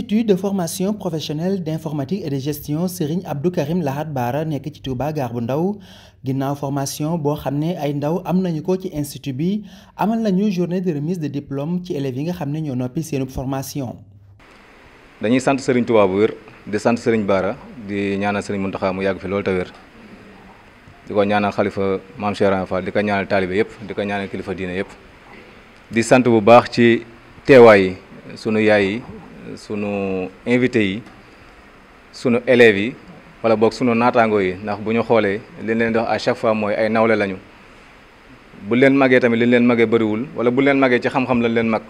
institut de formation professionnelle d'informatique et de gestion Serigne Abdou Karim Lahad Bara nekk ci Touba Gare bu Ndaw ginnaaw formation boo xam ne ay ndaw am nañu ko ci institut bi amal nañu journée de remise de diplôme ci élèves yi nga xam ne ñoo noppi seenu formation. dañuy sant Serigne Touba bu wér di sant Serigne Bara di ñaanal Serigne Mountakha mu yàgg fi loolu te wér di ko ñaanal xalifa maam Cheikh Fall di ko ñaanal taalibe yëpp di ko ñaanal kilifa diine yëpp di sant bu baax ci teewaay sunu yaay sunu invité yi sunu élèves yi wala boog sunu naataango yi ndax bu ñu xoolee li leen dox wax à chaque fois mooy ay nawle lañu bu leen magee tamit li leen magee bariwul wala bu leen magee ci xam-xam lañ leen mag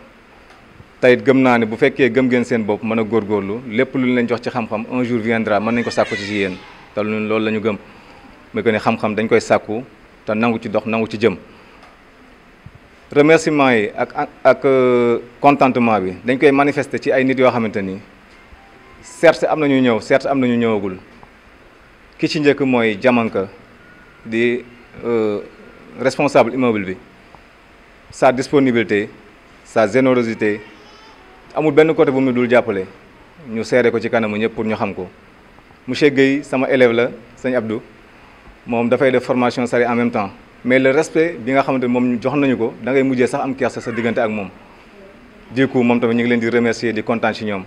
tayit gëm naa ne bu fekkee gëm ngeen seen bopp mën a góorgóorlu lépp lu leen jox ci xam un jour viendra mën nañ ko sàkku ci yéen te loolu la ñu gëm muy que ne xam-xam dañ koy sàkku te nangu ci dox nangu ci jëm. remerciement yi ak ak contentement bi dañ koy manifester ci ay nit yoo xamante ni certes am na ñu ñëw certes am na ñu ñëwagul ki ci njëkk mooy Diamanka di euh, responsable immeuble bi sa disponibilité sa générosité amul benn côté bu mu dul jàppale ñu seere ko ci kanamu ñëpp pour ñu xam ko monsieur Guèye sama élève la sëñ Abdou moom dafay def formation sari en même temps mais le respect bi nga xamante moom jox nañu ko dangay ngay mujjee sax am kersa sa diggante ak moom du coup moom tamit ñu ngi leen di remercier di kontaan ci ñoom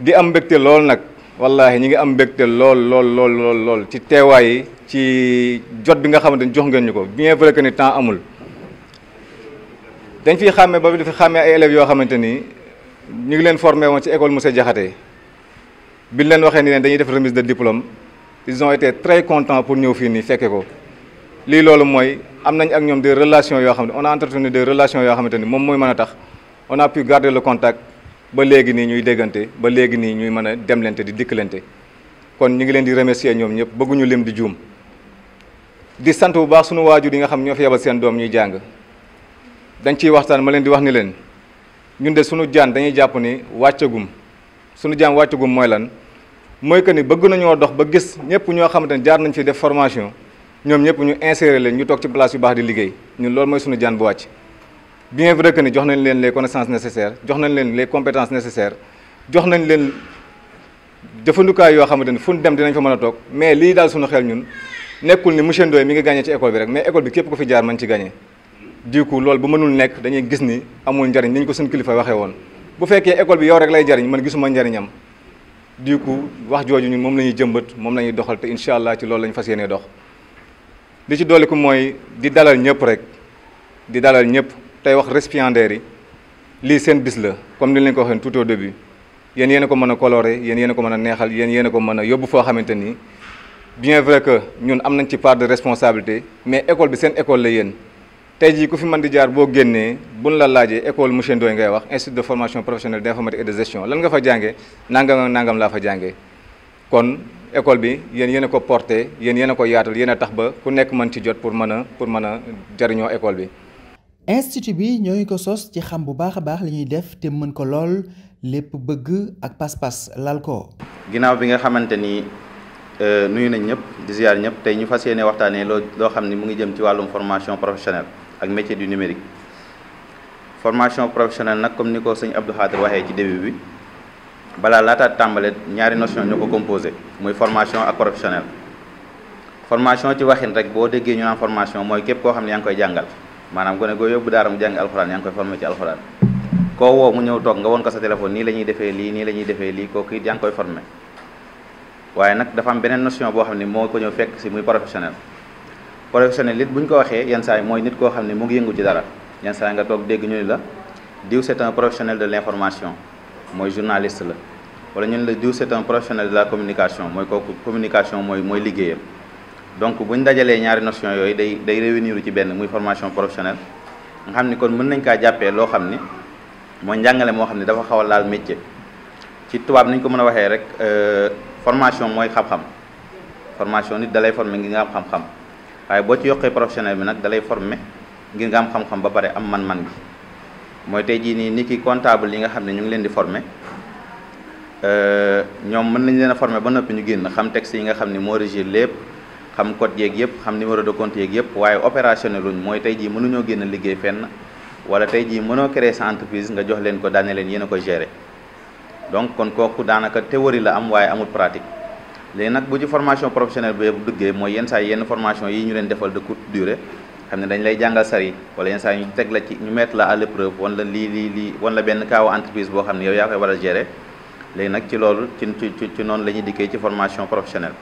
di am mbégte lool nag wallahi ñi ngi am mbégte lool lool lool lool lool ci teewaay yi ci jot bi nga xamante ni jox ngeen ñu ko bien vrai que ni temps amul dañ fiy xàmmee ba fi xàmmee ay élèves yoo xamante ni ñu ngi leen formé woon ci école Moussa Diakhaté biñ leen waxee ni leen dañuy def remise de diplôme ils ont très contents pour ñëw fii nii fekke ko lii loolu mooy am nañ ak ñoom de relations yoo xam ne on a entretenu des relations yoo xamante ni moom mooy mën a tax on a pu garder le contact ba léegi nii ñuy déggante ba léegi nii ñuy mën a demlante di dikkalante kon ñu ngi leen di remercier ñoom ñëpp bëgguñu lim di juum di sant bu baax suñu waajur yi nga xam ñoo fi yebal seen doom ñuy jàng dañ ciy waxtaan ma leen di wax ni leen ñun de suñu jaan dañuy jàpp ni wàccagum sunu jaan wàccagum mooy lan mooy que ni bëgg nañoo dox ba gis ñëpp ñoo xamante ne jaar nañ fi def formation ñoom ñëpp ñu insérer leen ñu toog ci place yu baax di liggéey ñun lool mooy suñu jaan bu wàcc bien vrai que ni jox nañ leen les connaissances nécessaires jox nañ leen les compétences nécessaires jox nañ leen jëfandukaay yoo xamante ni fu ñu dem dinañ fa mën a toog mais lii daal suñu xel ñun nekkul ni monsieur Ndoye mi ngi gagné ci école bi rek mais école bi képp ko fi jaar man ci gagné du coup loolu bu mënul nekk dañuy gis ni amul njariñ ni ko suñu kilifa waxee woon bu fekkee école yow rek lay jariñ man gisuma njariñam du coup wax jooju ñun moom la ñuy jëmbat moom la ñuy te incha allah ci loolu la ñu fas dox li ci dolliku mooy di dalal ñëpp rek di dalal ñëpp tey wax récipiendaires yi lii seen bis la comme ni leen ko waxee tout au début yéen yéen a ko mën a coloré yen yéen ko mën a neexal yéen yéen ko mën a yóbbu foo xamante nii bien vrai que ñun am nañ ci part de responsabilité mais école bi seen école la yéen tey jii ku fi mën di jaar boo génnee buñ la laajee école monsieur Ndoye ngay wax institut de formation professionnelle d'informatique et de gestion lan nga fa jàngee nangam nangam laa fa jàngee kon école bi yéen yéen a ko porté yéen yéen a ko yaatal yéen a tax ba ku nekk mën ci jot pour mën a pour mën a jariñoo école bi. institut bi ñoo ngi ko sos ci xam bu baax a baax li ñuy def te mën ko lool lépp bëgg ak pas-pas lal ko. ginnaaw bi nga xamante ni euh, nuyu nañ ñëpp di ziar ñëpp tey ñu fas yéene waxtaanee loo loo xam ni mu ngi jëm ci wàllum formation professionnelle ak métier du numérique formation professionnelle nag comme ni ko sëñ Abdou Khadir waxee ci début bi. balaa laata tàmbale ñaari notion ñoo ko composé muy formation ak professionnel formation ci waxin rek boo déggee ñu naan formation mooy képp koo xam ne yaa ngi koy jàngal maanaam gone goo yóbbu daara mu jàng alxuraan yaa ngi koy formé ci alxuraan koo woo mu ñëw toog nga woon ko sa téléphone nii la ñuy defee lii nii la ñuy defee lii kooku it yaa ngi koy formé waaye nag dafa am beneen notion boo xam ne moo ko ñëw fekk si muy professionnel professionnel it bu ñu ko waxee yenn saa mooy nit koo xam ne mu ngi yëngu ci dara yenn nga toog dégg ñu la diw c'est un professionnel de l'information mooy journaliste la wala ñun la diw c'est un professionnel de la communication mooy kooku communication mooy mooy liggéeyam donc bu ñu dajalee ñaari notion yooyu day day réunir ci benn muy formation professionnelle nga xam ni kon mën nañ kaa jàppee loo xam ni mooy njàngale moo xam ne dafa xaw a laal métier ci tubaab ni ñu ko mën a waxee rek euh, formation mooy xam-xam formation nit dalay former ngir nga am xam-xam waaye boo ci yokkee professionnel bi nag dalay former ngir am xam ba pare am man-man bi mooy tey jii nii nit ki comptable yi nga xam ne ñu ngi leen di former euh, ñoom mën nañ leen a former ba noppi ñu génn xam texte yi nga xam ni moo régir lépp xam code yeeg yëpp xam numéro de compte yeeg waaye opérationnel luñ mooy tey jii mënuñoo génn liggéey fenn wala tey jii mënoo créer sa entreprise nga jox leen ko daane leen yéen a ko gérer donc kon kooku daanaka théorie la am waaye amul pratique léegi nag bu ci formation professionnelle bi yëpp duggee mooy yenn saa yenn formation yi ñu leen defal de courte xam ne dañu lay jàngal sar yi wala yenn saa ñu teg la ci ñu mettre la à l'épreuve wan la lii lii lii wan la benn kaawu entreprise boo xam ne yow yaa koy war a gérer léegi nag ci loolu ci ci ci noonu la ñuy dikkee ci formation professionnelle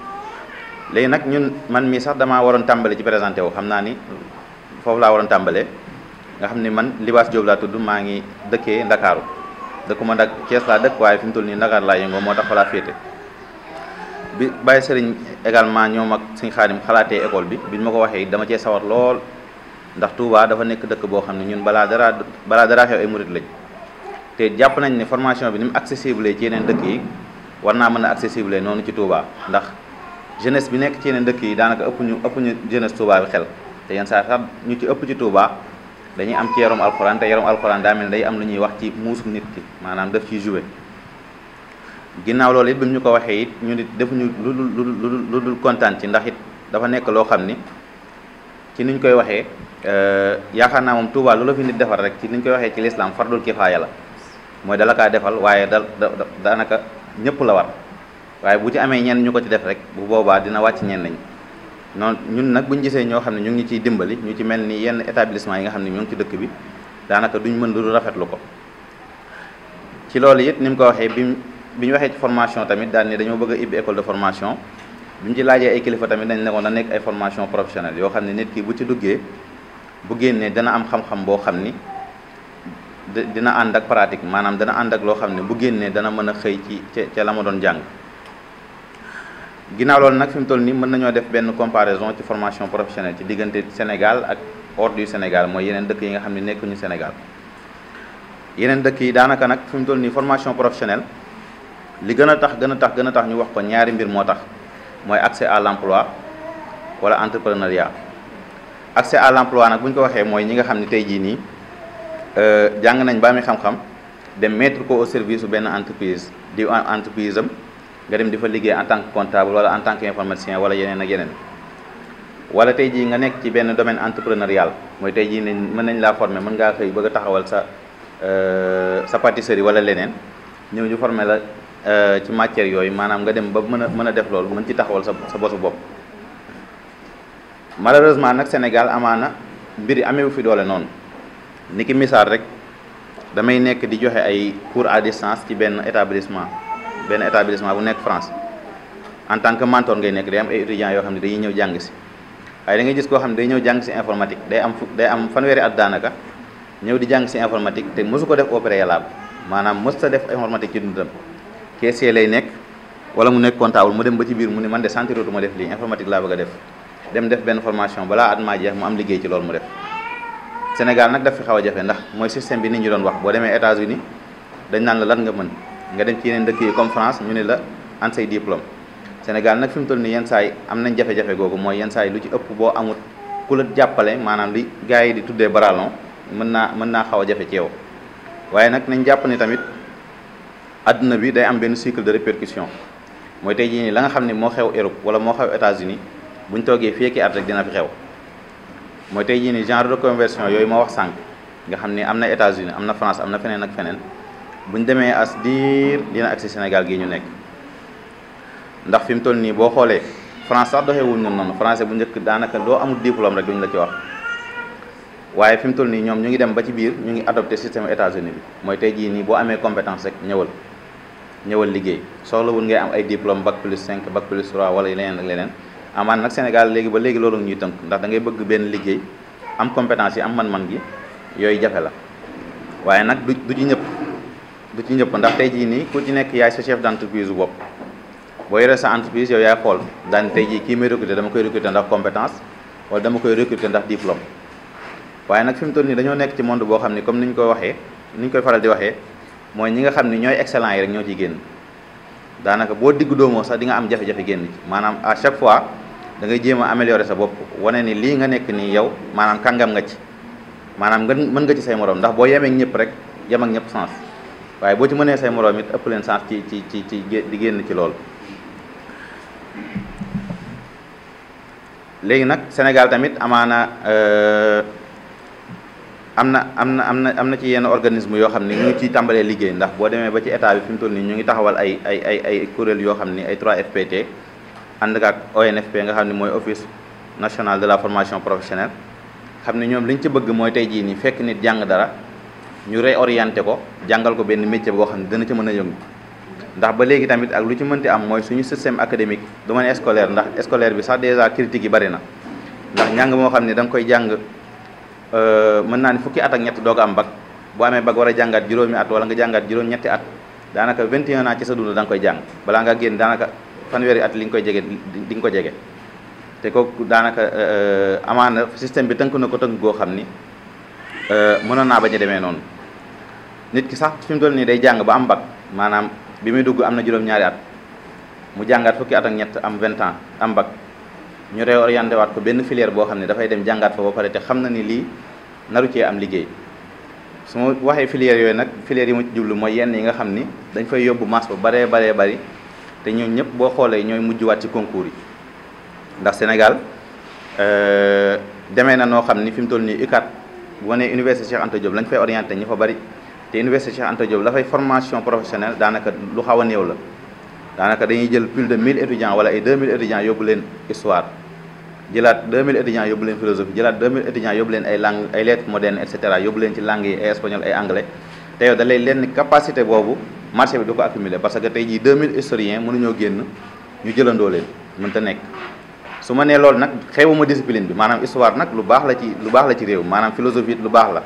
léegi nag ñun man mii sax damaa waroon tàmbali ci présenté wu xam naa ni foofu laa waroon tàmbale nga xam ni man Libaas Diop laa tudd maa ngi dëkkee Ndakaaru dëkkuma nag Thiès laa dëkk waaye fi mu toll nii Ndakaar laa yëngoo moo tax fa laa bi Baye Serigne également ñoom ak Serigne Khadim xalaatee école bi biñ ma ko waxee dama cee sawar lool ndax Touba dafa nekk dëkk boo xam ne ñun balaa dara balaa dara xew ay murit lañ te jàpp nañ ni formation bi ni mu accessible ci yeneen dëkk yi war naa mën a accessible noonu ci Touba ndax jeunesse bi nekk ci yeneen dëkk yi daanaka ëpp ñu ëpp ñu jeunesse Touba bi xel te yenn saa sax ñu ci ëpp ci Touba dañuy am ci yarum alxuraan te yarum alxuraan daa mel ne day am lu ñuy wax ci muusum nit ki maanaam def ciy joué ginnaaw loolu it bi ñu ko waxee it ñu nit defuñu lu dul kontaan ci ndax it dafa nekk loo xam ni ci niñ koy waxee. Euh, yaakaar naa moom Touba loola fi nit defal rek ci ni ñu koy waxee ci lislaam fardul kifaaya la mooy dala kaa defal waaye dal da daanaka ñëpp la war waaye bu ci amee ñenn ñu ko ci def rek bu boobaa dina wàcc ñenn ñi noonu ñun nag bu ñu gisee ñoo xam ne ñu ngi ciy dimbali ñu ci mel ni yenn établissement yi nga xam ne ñu ngi ci dëkk bi daanaka duñ mën lu rafetlu ko ci loolu it ni mu ko waxee bi mu bi ñu waxee ci formation tamit daal ni dañoo bëgg a formation bi ñu ci laajee kilifa tamit dañ ne ko na nekk ay formation professionnelle yoo xam ne nit ki bu ci duggee bu génnee dana am xam-xam boo xam ni dina ànd ak pratique maanaam dana ànd ak loo xam ne bu génnee dana mën a xëy ci ca ca la ma doon jàng ginnaaw loolu nag fi mu toll nii mën nañoo def benn comparaison ci formation professionnelle ci diggante Sénégal ak hors du Sénégal mooy yeneen dëkk yi nga xam ne nekkuñu Sénégal yeneen dëkk yi daanaka nag fi mu toll nii formation professionnelle li gën a tax gën a tax gën a tax ñu wax ko ñaari mbir moo tax mooy accès à l'emploi wala entrepreneuriat accès à l'emploi nag bu ñu ko waxee mooy ñi nga xam ne tey jii nii euh, jàng nañ ba mi xam-xam dem metre ko au service su benn entreprise di entreprise am nga dem di fa liggéey en tant que comptable wala en tant que informaticien wala yeneen ak yeneen wala tey jii nga nekk ci benn domaine entrepreneurial mooy tey jii nañ mën nañ laa former mën ngaa xëy bëgg taxawal sa euh, sa pâtisserie wala leneen ñëw ñu former la euh, ci matière yooyu maanaam nga dem ba mën a mën a def loolu mën ci taxawal sa sa bosu bopp malheureusement nag Sénégal amaana mbir yi amewu fi doole noonu ni ki misaal rek damay nekk di joxe ay cours à distance ci benn établissement benn établissement bu nekk France en tant que mentor ngay nekk day am ay étudiants yoo xam ne dañuy ñëw jàng si waaye da ngay gis koo xam ne day ñëw jàng si informatique day am day am fanweeri at daanaka ñëw di jàng si informatique te mosu ko def au préalable maanaam mos sa def informatique ci dundam caissier lay nekk wala mu nekk comptable mu dem ba ci biir mu ne man de sentiratu ma def a def dem def benn formation balaa at maa jeex mu am liggéey ci loolu mu def Sénégal nag daf xaw a jafe ndax mooy système bi nit ñi doon wax boo demee États-Unis dañ naan la lan nga mën nga dem ci yeneen dëkk yi comme France ñu ne la an say diplôme Sénégal nag fi mu toll nii yenn saa am nañ jafe-jafe googu mooy yenn saa lu ci ëpp boo amut ku la jàppale maanaam li gars yi di tuddee baralon mën naa mën naa xaw a jafe ci waaye nag nañ jàpp ni tamit adduna bi day am benn cycle de répercussion mooy tey jii la nga xam ne moo xew Europe wala moo xew états buñ toogee fii ak at rek dina fi xew mooy tey jii ni genre de conversion yooyu ma wax sànq nga xam ni am na États-Unis am na France am na feneen ak feneen buñ demee as diir dina agsi Sénégal gii ñu nekk ndax fi mu toll nii boo xoolee France sax doxee wuñ noonu bu njëkk daanaka loo amul diplôme rek duñ la ci wax waaye fi mu toll nii ñoom ñu ngi dem ba ci biir ñu ngi adopté système États-Unis bi mooy tey jii nii boo amee compétence rek ñëwal ñëwal liggéey soxlawul ngay am ay diplôme bac plus 5 bac plus 3 wala leneen ak leneen amaan ah, nag Sénégal léegi ba léegi loolu ñuy tënk ndax da bëgg benn liggéey am compétence yi am man-man gi yooyu jafe la waaye nag du du ci ñëpp du ci ñëpp ndax tey jii nii ku ci nekk yaay sa chef d'entreprise bopp boo yoree sa entreprise yow yaay xool daan tey jii kii may recruter dama koy recruter ndax compétence wala dama koy recruter ndax diplôme waaye nag fi mu toll nii dañoo nekk ci monde boo xam ni comme ni ñu koy waxee ni ñu koy faral di waxee mooy ñi nga xam ni ñooy excellent rek ñoo ciy génn daanaka boo digg doomoo sax di nga am jafe génn ci maanaam à chaque fois da ngay jéem a sa bopp wane ni lii nga nekk nii yow maanaam kàngam nga ci maanaam nga mën nga ci say morom ndax boo yemeek ñëpp rek yem ak ñëpp sens waaye boo ci mënee say morom it ëpp leen sens ci ci ci ci di génn ci loolu. léegi nag Sénégal tamit amaana euh, am na am na am na am na ci yenn organisme yoo xam ne ñu ngi ciy tàmbalee liggéey ndax boo demee ba ci état bi fi mu toll nii ñu ngi taxawal ay ay ay ay kuréel yoo xam ni ay trois fpt and ak ONFP nga xam ne mooy office national de la formation professionnelle xam ne ñoom liñ ci bëgg mooy tey jii nii fekk nit jàng dara ñu réorienté ko jàngal ko benn métier boo xam ne dana ci mën a yëngu ndax ba léegi tamit ak lu ci mënti am mooy suñu système académique du ma ndax scolaire bi sax déjà critiques bari na ndax moo xam ne da nga koy jàng euh, mën naa ne fukki at ak ñett am bac boo amee bac war a jàngaat juróomi at wala nga jàngaat juróom-ñetti at daanaka 21 ans ci sa dund da koy jàng balaa nga génn daanaka fanweeri at li nga koy jege di nga ko jege te kooku daanaka euh, euh, amaana système bi tënk na ko tënk goo xam ni euh, mënoon naa bañ a demee noonu nit ki sax fi mu nii day jàng ba am mbag maanaam bi muy dugg am na juróom-ñaari at mu jàngaat fukki at ak ñett am vingt ans am bac ñu réorienté waat ko benn filière boo xam ne dafay dem jàngaat fa ba pare te xam na ni lii naru cee am liggéey su ma waxee filière yooyu nag filière yi mu jublu mooy yenn yi nga xam ni dañ fay yóbbu masse bu baree baree bari te ñoo ñëpp boo xoolee ñooy mujjwaat ci concours yi ndax Sénégal euh, demee na noo xam ni fi mu toll nii UCAD boo nee université Cheikh Anta Diop lañ fay orienté ñu fa bari te université Cheikh Anta Diop la fay formation professionnelle daanaka lu xaw a la daanaka dañuy jël plus de 1000 étudiants wala ay 2000 étudiants yóbbu leen histoire jëlaat 2000 étudiants yóbbu leen philosophie jëlaat 2000 étudiants yóbbu leen ay langue ay lettres modernes leen ci langue yi ay espagnol ay boobu. marché bi du ko accumuler parce que tey jii 2000 historiens mënuñoo génn ñu jëlandoo leen mënta nekk su ma nee loolu nag xewuma discipline bi maanaam histoire nag lu baax la ci lu baax la ci réew maanaam philosophie it lu baax la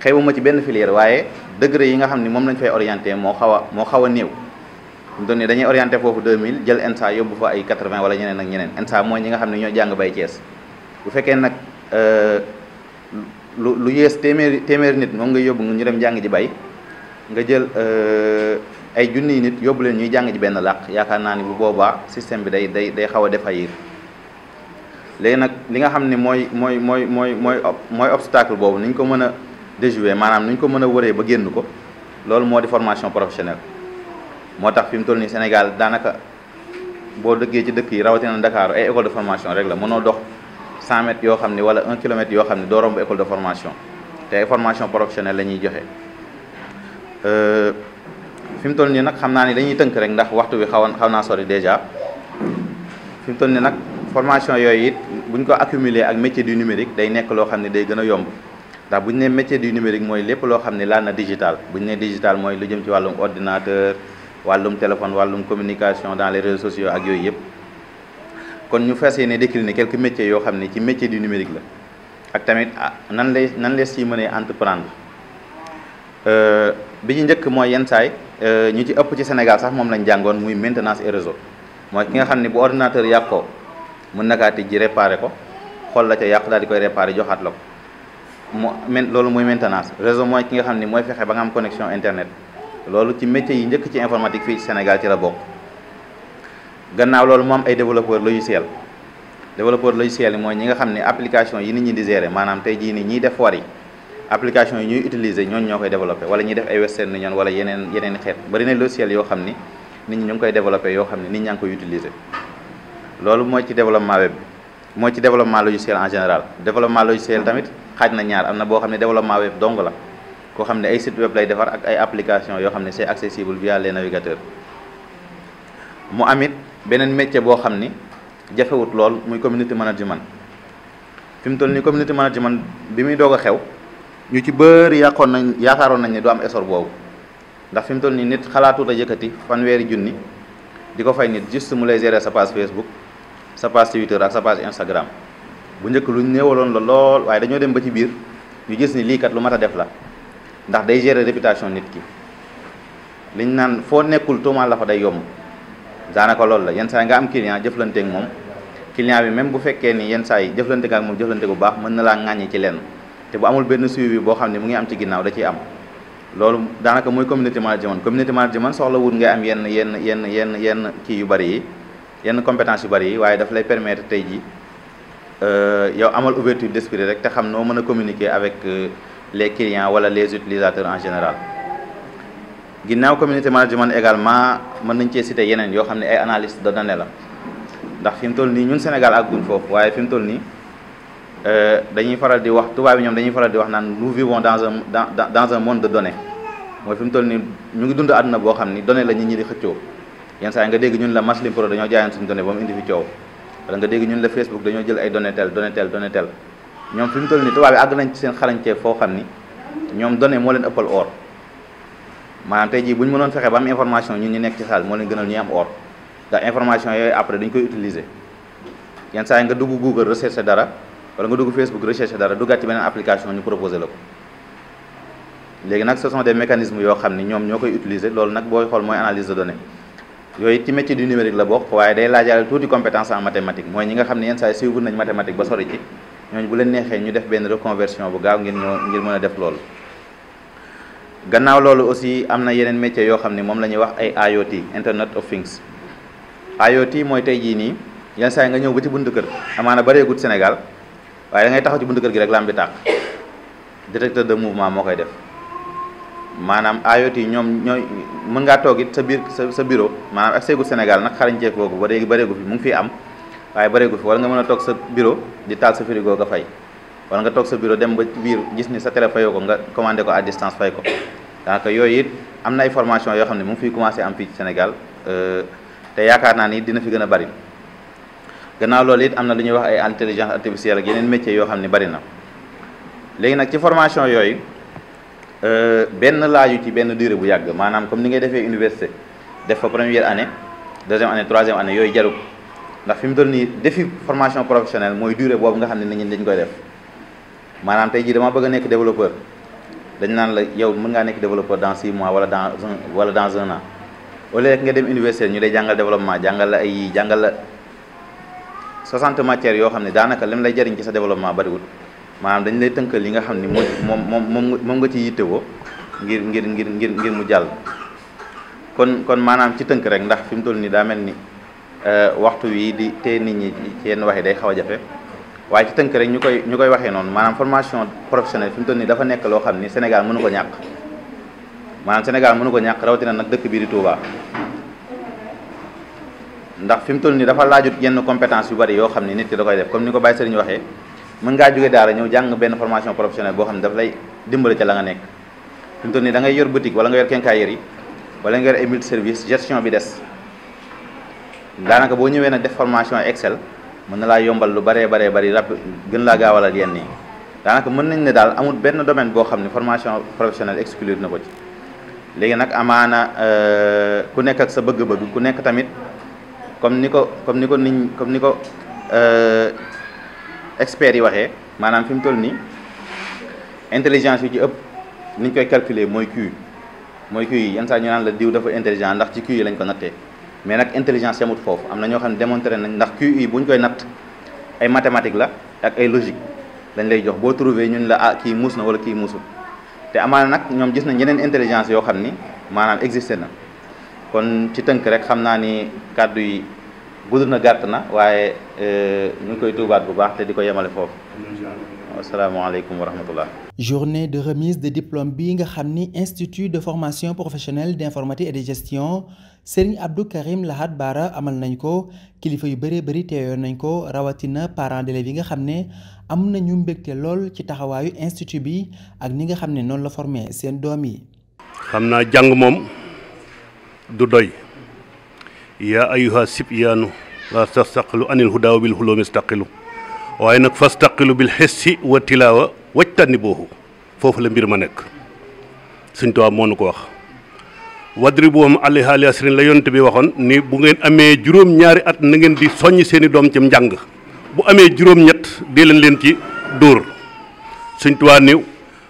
xewuma ci benn filière waaye degré yi nga xam ni moom lañ fay orienté moo xaw a moo xaw a néew mu dañuy orienté foofu deux mille jël ENSA yóbbu fa ay 80 wala ñeneen ak ñeneen ENSA mooy ñi nga xam ne ñoo jàng bay bu fekkee nag euh, lu lu yées téeméeri téeméeri nit moom nga yóbbu ñu dem jàng ji bay nga jël euh, ay junniy nit yóbbu leen ñuy jàng ci benn làkk yaakaar naa ni bu boobaa système bi day day day xaw a défaillir léegi nag li nga xam ni mooy mooy mooy mooy mooy mooy obstacle boobu ni ñu ko mën a déjouer maanaam ni ñu ko mën a wëree ba génn ko loolu moo di formation professionnelle moo tax fi mu toll nii Sénégal daanaka boo dëggee ci dëkk yi rawatina Dakar ay école de formation rek la mënoo dox 100 mètres yoo xam ne wala 1 kilomètre yoo xam ne doo romb école formation te ay formation la ñuy joxe. Euh, fi mu toll nii nag xam naa ni dañuy tënk rek ndax waxtu wi xawoon xaw naa sori dèjà fi mu toll nii nag formation yooyu it buñ ko accumuler ak métier du numérique day nekk loo xam ne day gën a yomb ndax bu ñu nee métier du numérique mooy lépp loo xam ne laal na digital bu ñu nee digital mooy lu jëm ci wàllum ordinateur wàllum téléphone wàllum communication dans les réseaux sociaux ak yooyu yëpp kon ñu fas yéene décliner quelques métiers yoo xam ne ci métier du numérique la ak tamit ah, nan lay nan lees ci mën a bi ñu njëkk mooy yenn saay euh, ñu ci ëpp ci Sénégal sax moom lañ jàngoon muy maintenance et réseau mooy ki nga xam ne bu ordinateur yàqoo mën na kaa tijji réparé ko xool la ca yàq daal di koy réparé joxaat la ko mu men loolu muy maintenance réseau mooy ki nga xam ne mooy fexe ba nga am connexion internet loolu ci métier yi njëkk ci informatique fii Sénégal ci la bokk gannaaw loolu moom ay développeur logiciel développeur logiciel yi mooy ñi nga xam ne application yi nit ñi di maanaam tey jii ni ñiy def war yi application yi ñuy utiliser ñooñu ñoo koy développé wala ñuy def ay western union wala yeneen yeneen xeet bari na logiciel yoo xam ni nit ñi ñu koy développé yoo xam ne nit ñaa ngi koy utiliser loolu mooy ci développement web bi mooy ci développement logiciel en général développement logiciel tamit xaaj na ñaar am na boo xam ne développement web dong la koo xam ne ay site web lay defar ak ay application yoo xam ne c'est accessible via les navigateurs mu amit beneen métier boo xam ni jafewut lool muy community management fi mu toll nii community management bi muy doog xew ñu ci bëri yàqoon nañ yaakaaroon nañ ne du am essor boobu ndax fi mu toll nii nit xalaatut a yëkkati fanweeri junni di ko fay nit juste mu lay gérer sa page Facebook sa page Twitter ak sa page Instagram bu njëkk lu ñu néewaloon la lool waaye dañoo dem ba ci biir ñu gis ni liikat lu mat a def la ndax day gérer réputation nit ki liñ naan foo nekkul tuumaal la fa day yomb daanaka loolu la yenn saa yi nga am client jëflante moom client bi même bu fekkee ni yenn saa yi jëflante ak moom jëflante bu baax mën na laa ŋàññi ci lenn. te bu amul benn suivi boo xam ne mu ngi am ci ginnaaw da ciy am loolu daanaka mooy community management community management soxla wut nga am yenn yenn yenn yenn yenn kii yu bari yi yenn compétence yu bari yi waaye daf lay permettre tey ji euh, yow amal ouverture d'esprit rek te xam noo mën a communiquer avec euh, les clients wala les utilisateurs en général ginnaaw community management également mën nañ cee citer yeneen yoo xam ne ay analyse de données la ndax fi mu toll nii ñun Sénégal àgguñ foofu waaye fi mu toll nii Euh, dañuy faral di wax tubaab yi ñoom dañuy faral di wax naan nous vivons dans un dans dans un monde de données mooy fi mu toll nii ñu ngi dund àdduna boo xam ni données la nit ñi di xëccoo yenn saa yi nga dégg ñun la Maslim Pro dañoo jaayoon suñu données ba mu indi fi coow wala nga dégg ñun la Facebook dañoo jël ay données tel données tel données tel ñoom fi mu toll nii tubaab yi àgg nañ ci seen xarañte foo xam ni ñoom données moo leen ëppal or maanaam tey jii bu ñu mënoon fexe ba am information ñun ñu nekk ci saal moo leen gënal ñuy am yooyu après dañ koy utiliser yenn saa yi nga dugg Google recherche dara wala nga dugg Facebook recherche dara duggaat ci beneen application ñu proposé la ko léegi nag ce de des mécanismes yoo xam ni ñoom ñoo koy utiliser loolu nag booy xool mooy analyse de données yooyu ci métier du numérique la bokk waaye day laajaale tuuti compétence en mathématique mooy ñi nga xam ne yenn saa yi suivre nañ mathématique ba sori ci ñooñu bu leen neexee ñu def benn reconversion bu gaaw ngir ñoo ngir mën a def loolu gannaaw loolu aussi am na yeneen métier yoo xam ne moom la ñuy wax ay IoT internet of things IoT mooy tey jii nii yenn saa nga ñëw ba ci buntu kër amaana bareegut Sénégal waaye da ngay taxaw ci buntu kër gi rek laa bi tàkk détecteur de mouvement moo koy def maanaam yi ñoom ñooy mën ngaa toog it sa biir sa sa bureau maanaam ak seegu Sénégal nag xarañteeg googu ba léegi bareegu fi mu ngi fi am waaye bareegu fi wala nga mën a toog sa bureau di taal sa frigo nga fay wala nga toog sa bureau dem ba biir gis ni sa télé fayoo ko nga commandé ko à distance fay ko daanaka yooyu it am na ay formation yoo xam ne mu ngi commencé am fii ci Sénégal euh, te yaakaar naa ni dina fi gën a bari gannaaw loolu it am na lu ñuy wax ay intelligence artificielle ak yeneen métiers yoo xam ne bari na léegi nag ci formation yooyu euh, benn laaju ci benn durée bu yàgg maanaam comme ni ngay defee université def fa première année deuxième année troisième année yooyu jaru ndax fi mu toll nii defi formation professionnelle mooy durée boobu nga xam ne nit ñi dañ koy def maanaam tey jii dama bëgg a nekk développeur dañ naan la yow mën ngaa nekk développeur dans mois wala dans wala dans un an nga dem université ñu lay jàngal développement jàngal ay jàngal 60 matières yoo xam ne daanaka lim lay jariñ ci sa développement bariwul maanaam dañ lay tënkal li nga xam ni moom moom moom nga ci yittewoo ngir ngir ngir ngir ngir mu jàll. kon kon maanaam ci tënk rek ndax fi mu toll nii daa mel ni euh, waxtu wi di tee nit ñi ci yenn wax yi day xaw a jafe waaye ci tënk rek ñu koy ñu koy waxee noonu maanaam formation professionnelle fi mu toll nii dafa nekk loo xam ni Sénégal mënu ko ñàkk maanaam Sénégal mënu ko ñàkk rawatina nag dëkk bii di Touba. ndax fi mu nii dafa laajut yenn compétence yu bari yoo xam ne nit ki da koy def comme ni ko Baye Serigne waxee mën ngaa jóge daara ñëw jàng benn formation professionnelle boo xam ne daf lay dimbale ca la nga nekk fi mu toll nii da ngay yor boutique wala nga yor quincaillerie wala nga yor ay service gestion bi des daanaka boo ñëwee nag def formation Excel mën na laa yombal lu baree baree bari rap gën laa gaawalal yenn yi daanaka mën nañ ne daal amul benn domaine boo xam ne formation professionnelle exclure na ko ci léegi nag amaana euh, ku nekk sa bëgg-bëgg ku nekk tamit comme ni ko comme ni ko niñ comme ni ko euh, experts yi waxee maanaam fi mu toll nii intelligence yi ci ëpp niñ koy calculer mooy QI mooy QI yenn saa ñu naan la diw dafa intelligent ndax ci QI lañ ko nattee mais nag intelligence yamut foofu am na ñoo xam ne démontré nañ ndax QI bu buñ koy natt ay mathématiques la ak ay logique lañ lay jox boo trouvé ñun la ah kii muus na wala kii muusul te amaana nag ñoom gis nañ yeneen intelligence yoo xam ni maanaam existé na kon ci tënk rek xam naa ni kàddu yi gudd na gàtt na waaye euh, ñu ngi koy tuubaat bu baax te di ko yemale foofu asalaamaaleykum wa rahmatullah journée de remise de diplôme bi nga xam ni institut de formation professionnelle d'informatique et de gestion Serigne Abdou Karim Lahat Bara amal nañ ko kilifa yu bëree bëri teewoon nañ ko rawatina parents d'élèves yi nga xam ne am na ñu mbégte lool ci taxawaayu institut bi ak ni nga xam ne noonu la formé seen doom yi. du doy yaa ayuha sibyaanu la tastaqilu anil hudaa wa bil hulumi staqilu waaye nag fastaqilu bil xessi wa tilaawa waj tànni boohu foofu la mbir ma nekk suñ tubaab moo nu ko wax wadribuhum alayha li asrin la yonent bi waxoon ni bu ngeen amee juróom-ñaari at na ngeen di soññ seeni doom ci njàng bu amee juróom-ñett dee leen leen ci dóor suñ tubaab ni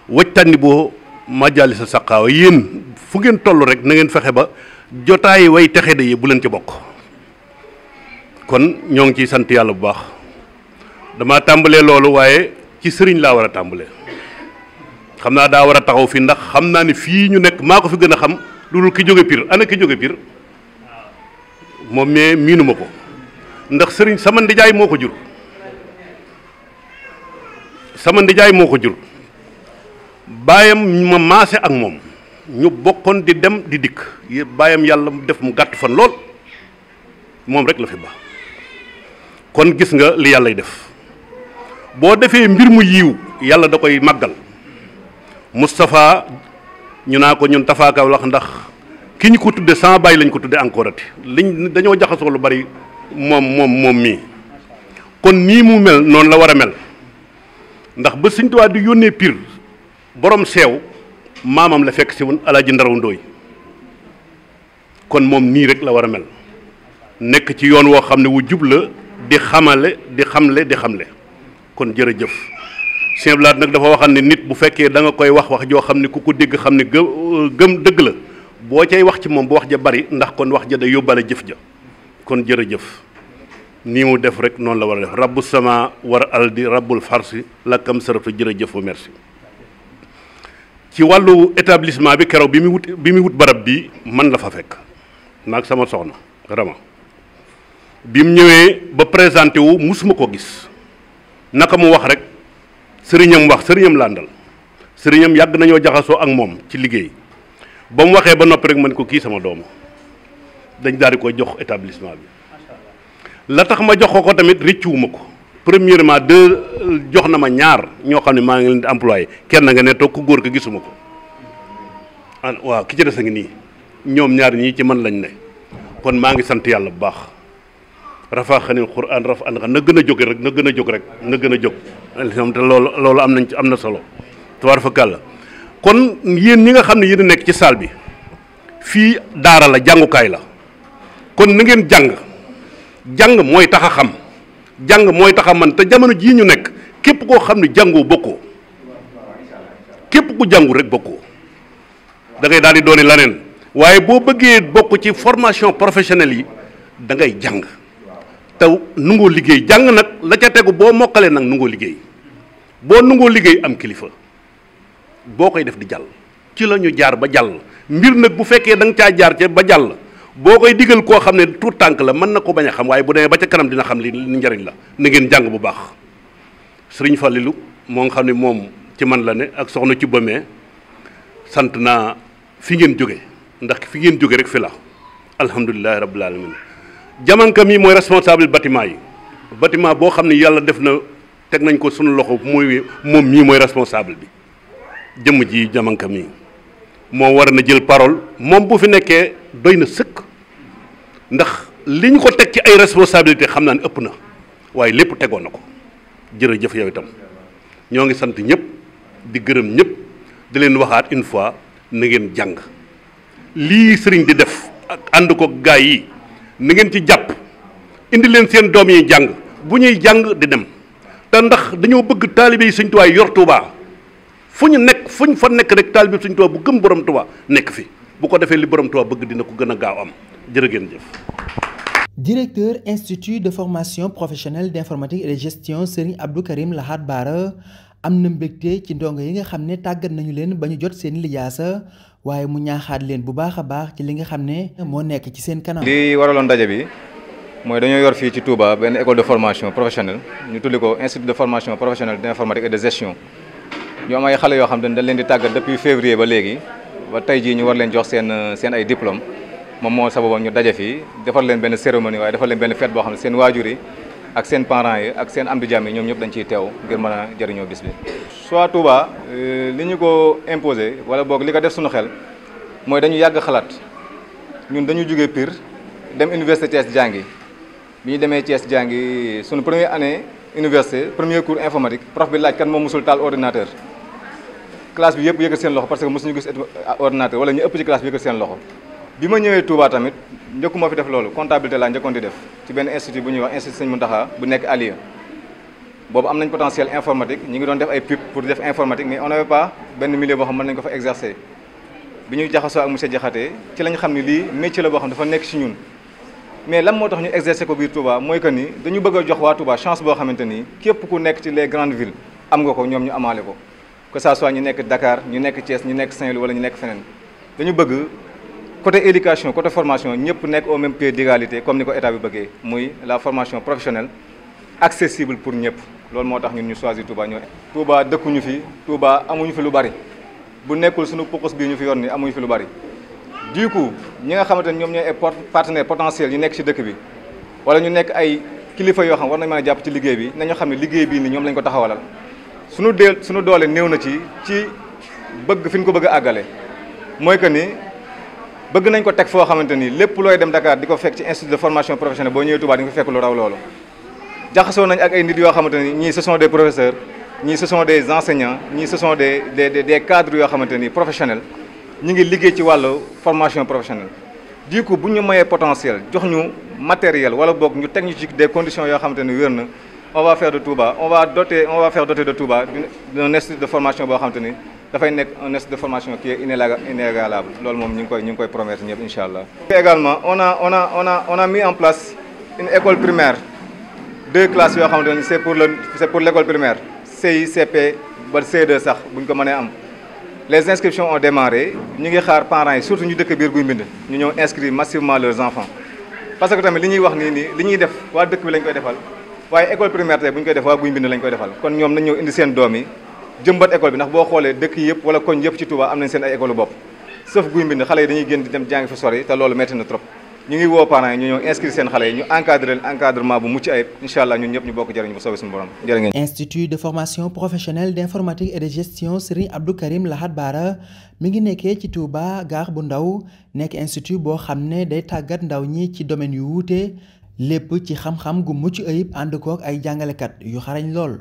waj tànni boo majaalisa saqaawa yéen fu ngeen toll rek na ngeen fexe ba jotaay way texe de yi bu ci bokk kon ñoo ngi ciy sant yàlla bu baax damaa tàmbalee loolu waaye ci sëriñ laa war a tàmbalee xam naa daa war a taxaw fii ndax xam naa ni fii ñu nekk maa ko fi gën a xam loolu ki jóge Pire ana ki jóge Pire moom mais miinuma ko ndax sëriñ sama ndijaay moo ko jur sama ndijaay moo ko jur baayam ma maase ak moom ñu bokkoon di dem di dikk bàyyam yàlla mu def mu gàtt fan lool moom rek la fi ba kon gis nga li yàllay def boo defee mbir mu yiiw yàlla da koy màggal mustafa ñu naa ko ñun tafaaka ndax ki ñu ko tudde sans bàyyi lañ ko tudde encore ati liñ dañoo jaxasoo lu bari moom moom mii kon nii mu mel noonu la war a mel ndax ba Sëñ Tuubaa di yónnee piir boroom seew maamam la fekk si woon alaaji ndaraw ndooy kon moom nii rek la war a mel nekk ci yoon woo xam ne wu jub la di xamale di xamle di xamle kon jërëjëf Sëñ Abdou Lahad nag dafa waxam ne nit bu fekkee danga koy wax wax joo xam ne ku ko dégg xam ne gë gëm dëgg la boo cay wax ci moom bu wax ja bari ndax kon wax ja day yóbbale jëf ja kon jërëjëf nii mu def rek noonu la war a def rabbu sama war aldi rabbul farsi lakkam saratu jërëjëf merci ci wàllu établissement bi keroog bi mu wut bi mu wut barab bi man la fa fekk ak sama soxna vraiment bi mu ñëwee ba présenté wu musuma ko gis naka mu wax rek sëriñam wax sëriñam làndal sëriñam yàgg nañoo jaxasoo ak moom ci liggéey ba mu waxee ba noppi rek man ko kii sama doom dañ daal di koy jox établissement bi la tax ma jox ko ko tamit rëccuwuma ko premièrement deux jox na ma ñaar ñoo xam ne maa ngi leen di employé kenn nga ne toog ku góor ko gisuma ko ah, waaw ki ci sa ngi nii ñoom ñaari ñii ci man lañ ne kon maa ngi sant yàlla bu baax rafaaxanil quran raf an na gën a jóg rek na gën a jóg rek na gën a jóg ñoom te loolu loolu am nañ ci am na solo tubaar fa kàlla kon yéen ñi nga xam ne yéen a nekk ci salle bi fii daara la jàngukaay la kon na ngeen jàng jàng mooy tax a xam jàng mooy taxam a man te jamono jii ñu nekk képp koo xam ne jàngoo bokkoo képp ku jàngu rek bokkoo dangay ngay daal di doone leneen waaye boo bëggee bokk ci formation professionnelle yi dangay jàng te nu ngoo liggéey jàng nag la ca tegu boo mokkalee nag nu ngoo liggéey boo nu ngoo liggéey am kilifa boo koy def di jàll ci lañu jaar ba jàll mbir nag bu fekkee da nga caa jaar ca ba jàll boo koy digal koo xam ne tout tànk la mën na ko bañ a xam waaye bu demee ba ca kanam dina xam li njariñ la na ngeen jàng bu baax sëriñ Fallilou moo xam ne moom ci man la ne ak soxna ci mee sant naa fi ngeen jóge ndax fi ngeen jóge rek fi la alhamdulilahi rabbil alamin jamanka mi mooy responsable bâtiment yi bâtiment boo xam ne yàlla def na teg nañ ko sunu loxo muy moom mii mooy responsable bi jëmm ji jamanka mi moo war na jël parole moom bu fi nekkee doy na sëkk ndax li ñu ko teg ci ay responsabilité xam naa ne ëpp na waaye lépp tegoon na ko jërëjëf yow itam ñoo ngi sant ñëpp di gërëm ñëpp di leen waxaat une fois nangeen ngeen jàng lii sëriñ di def ak ànd ko gaay yi na ngeen ci jàpp indi leen seen doom yi jàng bu ñuy jàng di dem te ndax dañoo bëgg taalibe yi Sëriñ Tuubaa yor Tuubaa fu ñu nekk fu ñu fa nekk rek taalibe Sëriñ Tuubaa bu gëm borom Tuubaa nekk fi bu ko defee li borom Tuubaa bëgg dina ko gën a gaaw am jërë ngeen jëf. institut de formation professionnelle d'informatique et de gestion Serigne Abdou Karim Lahad baara am na mbégte ci ndongo yi nga xam ne tàggat nañu leen ba ñu jot seen lijaasa waaye mu ñaaxaat leen bu baax a baax ci li nga xam ne moo nekk ci seen kanam. li waraloon ndaje bi mooy dañoo yor fii ci Touba benn école de formation professionnelle ñu tuddi ko institut de formation professionnelle d'informatique et de gestion ay xale yoo xam ne dañ leen di tàggat depuis février ba ba tey jii ñu war leen jox seen euh, seen ay diplôme moom moo sababoon ñu daje fii defal leen benn cérémonie waaye defal leen benn fête boo xam ne seen waajur yi ak seen parent yi ak seen am di jàmm yi ñoom ñëpp dañ ciy teew ngir mën a jëriñoo bis bi. soit Touba euh, li ñu ko imposé wala boog li ko def suñu xel mooy dañu yàgg xalaat ñun dañu jógee piir dem université Thiès jàngi bi ñu demee Thiès jàngi suñu première année université premier cours informatique prof bi laaj kan moom musul taal ordinateur. classe bi yëpp yëkkat seen loxo parce que mosuñu gis ah, ordinateur wala ñu ëpp ci classe bi yëkkat seen loxo bi ma ñëwee Touba tamit njëkkuma fi def loolu comptabilité laa njëkkoon di def ci benn institut bu ñuy wax institut Sëñ Mountakha bu nekk Aliya boobu am nañ potentiel informatique ñu ngi doon def ay pub pour def informatique mais on n'avait pas benn milieu boo xam mën nañ ko fa exercer bi ñu jaxasoo ak monsieur Diakhaté ci lañ xam ne lii métier boo xam dafa nekk ci ñun mais lan moo tax ñu exercer ko biir Touba mooy que ni dañu bëgg jox waa Touba chance boo ni képp ku nekk ci les grandes am nga ko ñoom ñu amaale ko que ça soit ñu nekk Dakar ñu nekk Thiès ñu nekk Saint-Louis wala ñu nekk feneen dañu bëgg côté éducation côté formation ñëpp nekk au même pied d'égalité comme ni ko état bi bëggee muy la formation professionnelle accessible pour ñëpp loolu moo tax ñun ñu choisir Touba ñoo Touba dëkkuñu fi Touba amuñu fi lu bari bu nekkul suñu pokos bii ñu fi yoon ni amuñu fi lu bari du coup ñi nga xamante ne ñoom ñooy ay partenaires potentiels ñu nekk ci dëkk bi wala ñu nekk ay kilifa yoo xam war a jàpp ci liggéey bi nañu xam ne liggéey bii ñoom lañ ko taxawalal sunu dee sunu doolee néew na ci ci bëgg fi ñu ko bëgg àggale mooy que ni bëgg nañ ko teg foo xamante ni lépp looy dem Dakar di ko fekk ci institut de formation professionnelle boo ñëwee Touba di nga fekk lu raw loolu. jaxasoo nañ ak ay nit yoo xamante ni ñii ce sont des professeurs ñii ce sont des enseignants ñii ce sont des des des yoo xamante ni professionnels ñu ngi liggéey ci wàllu formation professionnelle. du coup bu ñu mayee potentiel jox ñu matériel wala boog ñu teg ñu des conditions yoo xamante ni wér na. on va faire de Touba on va doter on va faire doter de Touba d'un institut de formation boo xam te ni dafay nekk un institut de formation qui est inégalable loolu moom ñu koy ñu ngi koy promettre ñëpp allah. également on a on a on a on a mis en place une école primaire deux classes yoo xamante ni c'est pour le c'est pour l'école primaire CI CP ba C2 sax bu ko mënee am. les inscriptions ont démarré ñu ngi xaar parent yi surtout ñu dëkk biir guy mbind ñu ñëw inscrire massivement leurs enfants parce que tamit li ñuy wax nii nii li ñuy def waa dëkk bi lañ koy defal. waaye école primaire tey bu ñu koy def waa guy mbind lañ koy defal kon ñoom nañ indi seen doom yi jëmbat école bi ndax boo xoolee dëkk yëpp wala koñ yëpp ci Touba am nañ seen ay école bopp sauf guy mbind xale yi dañuy génn di dem jàngi fa sori te loolu ñu ngi woo parents yi ñu ñëw inscrire seen xale yi ñu encadré leen encadrement bu mucc ayib incha allah ñun ñëpp ñu bokk jëriñu ba soobee suñu borom jërë ngeen gaax bu ndaw nekk institut boo xam ne day tàggat ndaw ñi ci domaine yu wuute lépp ci xam-xam gu mucc ayib ànd kook ay jàngalekat yu xarañ lool